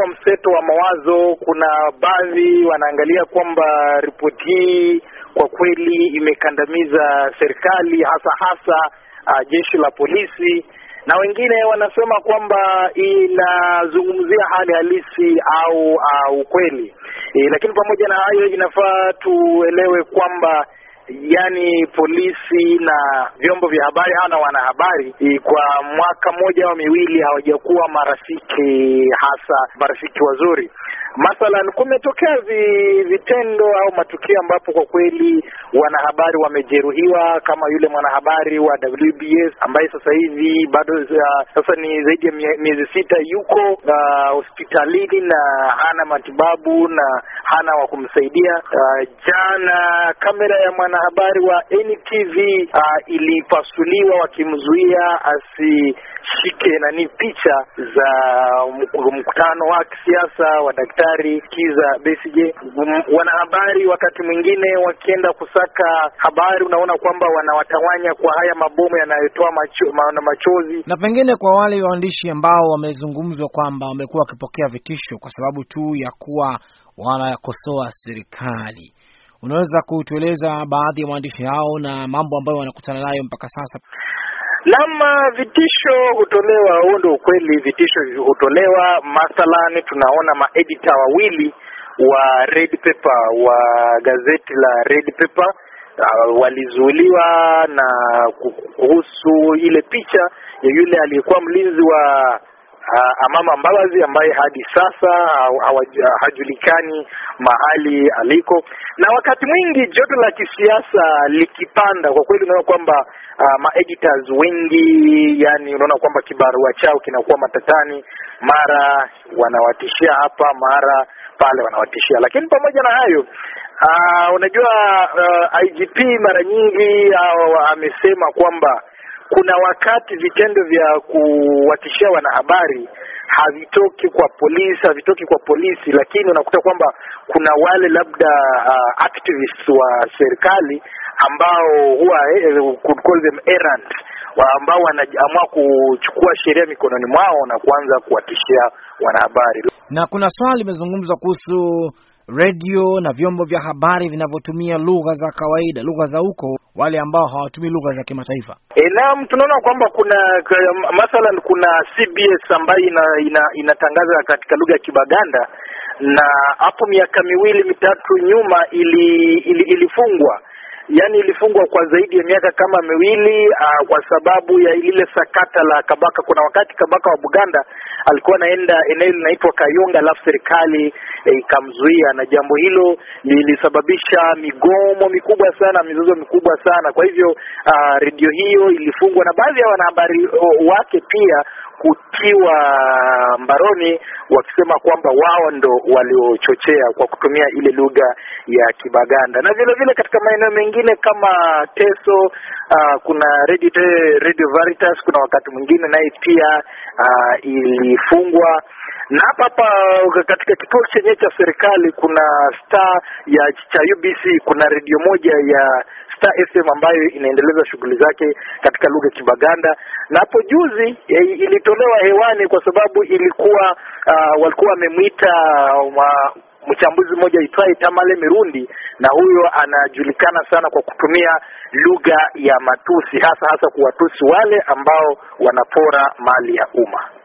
wa mseto wa mawazo, kuna baadhi wanaangalia kwamba ripoti hii kwa kweli imekandamiza serikali hasa hasa uh, jeshi la polisi, na wengine wanasema kwamba inazungumzia hali halisi au uh, ukweli e, lakini pamoja na hayo inafaa tuelewe kwamba yani polisi na vyombo vya habari au na wanahabari kwa mwaka mmoja au miwili hawajakuwa marafiki, hasa marafiki wazuri. Mathalan, kumetokea vitendo au matukio ambapo kwa kweli wanahabari wamejeruhiwa, kama yule mwanahabari wa WBS ambaye sasa hivi bado uh, sasa ni zaidi ya miezi sita yuko uh, hospitalini na hana matibabu na hana wa kumsaidia. Uh, jana kamera ya mwanahabari wa NTV uh, ilipasuliwa wakimzuia asi shike nani picha za mkutano wa kisiasa wa daktari habari Kiza Besije. Mm, wanahabari wakati mwingine wakienda kusaka habari, unaona kwamba wanawatawanya kwa haya mabomu yanayotoa macho, ma, machozi. Na pengine kwa wale waandishi ambao wamezungumzwa kwamba wamekuwa wakipokea vitisho kwa sababu tu ya kuwa wanakosoa serikali Unaweza kutueleza baadhi ya waandishi hao na mambo ambayo wanakutana nayo mpaka sasa? lama uh, vitisho hutolewa, huo ndio ukweli. Vitisho hutolewa, mathalan tunaona maedita wawili wa Red Pepper wa gazeti la Red Pepper uh, walizuiliwa na kuhusu ile picha ya yule aliyekuwa mlinzi wa Ah, Amama Mbabazi ambaye hadi sasa hajulikani mahali aliko, na wakati mwingi joto la kisiasa likipanda, kwa kweli unaona kwamba Uh, maeditors wengi yani, unaona kwamba kibarua chao kinakuwa matatani, mara wanawatishia hapa, mara pale wanawatishia. Lakini pamoja na hayo uh, unajua uh, IGP mara nyingi uh, amesema kwamba kuna wakati vitendo vya kuwatishia wanahabari havitoki kwa polisi, havitoki kwa polisi, lakini unakuta kwamba kuna wale labda uh, activists wa serikali ambao huwa eh, could call them errant ambao wanaamua kuchukua sheria mikononi mwao na kuanza kuwatishia wanahabari. Na kuna swali limezungumzwa kuhusu redio na vyombo vya habari vinavyotumia lugha za kawaida, lugha za huko, wale ambao hawatumii lugha za kimataifa. E, naam, tunaona kwamba kuna mathalan, kuna CBS ambayo ina, ina, inatangaza katika lugha ya Kibaganda na hapo miaka miwili mitatu nyuma ili, ili, ilifungwa yani ilifungwa kwa zaidi ya miaka kama miwili uh, kwa sababu ya ile sakata la Kabaka. Kuna wakati Kabaka wa Buganda alikuwa anaenda eneo linaitwa Kayunga, alafu serikali eh, ikamzuia eh, na jambo hilo lilisababisha migomo mikubwa sana, mizozo mikubwa sana. Kwa hivyo uh, redio hiyo ilifungwa na baadhi ya wanahabari wake pia kutiwa mbaroni, wakisema kwamba wao ndo waliochochea kwa kutumia ile lugha ya Kibaganda, na vile vile katika maeneo mengine kama Teso, uh, kuna Radio, Radio Veritas, kuna wakati mwingine naye pia uh, ilifungwa na hapa hapa katika kituo chenye cha serikali kuna star ya cha UBC, kuna redio moja ya Star FM ambayo inaendeleza shughuli zake katika lugha ya Kibaganda, na hapo juzi eh, ilitolewa hewani kwa sababu ilikuwa uh, walikuwa wamemwita mchambuzi mmoja aitwaye Tamale Mirundi, na huyo anajulikana sana kwa kutumia lugha ya matusi, hasa hasa kuwatusi wale ambao wanapora mali ya umma.